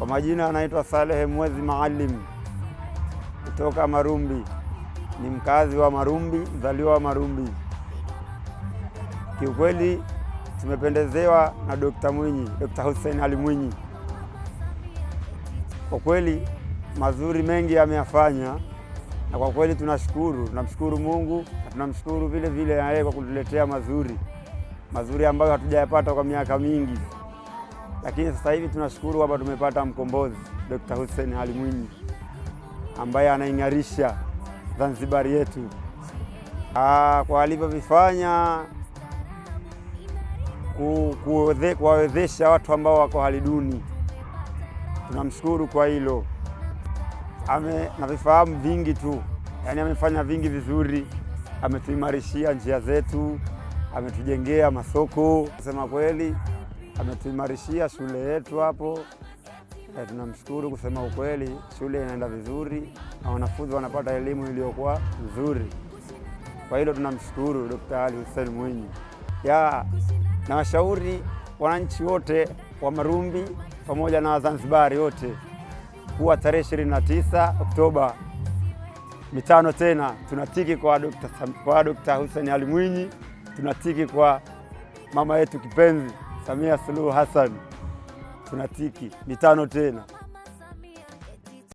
Kwa majina anaitwa Salehe Mwezi Maalim kutoka Marumbi, ni mkazi wa Marumbi, mzaliwa wa Marumbi. Kiukweli tumependezewa na Dokta Mwinyi, Dokta Hussein Ali Mwinyi. Kwa kweli mazuri mengi ameyafanya, na kwa kweli tunashukuru, tunamshukuru Mungu na tunamshukuru vile vile na yeye kwa kutuletea mazuri mazuri ambayo hatujayapata kwa miaka mingi. Lakini sasa hivi tunashukuru hapa tumepata mkombozi Dr. Hussein Ali Mwinyi ambaye anaing'arisha Zanzibar yetu. Aa, ah, kwa alivyovifanya kuwawezesha watu ambao wako hali duni, tunamshukuru kwa hilo. Navifahamu vingi tu, yaani amefanya vingi vizuri, ametuimarishia njia zetu, ametujengea masoko, kusema kweli ametuimarishia shule yetu hapo. E, tunamshukuru kusema ukweli, shule inaenda vizuri na wanafunzi wanapata elimu iliyokuwa nzuri. Kwa hilo tunamshukuru Dkt. Ali Hussein Mwinyi. Ya na washauri wananchi wote wa Marumbi pamoja na Wazanzibari wote kuwa tarehe 29 Oktoba mitano tena tunatiki kwa Dkt. kwa Dkt. Hussein Ali Mwinyi, tunatiki kwa mama yetu kipenzi. Samia Suluhu Hassan tunatiki mitano tena.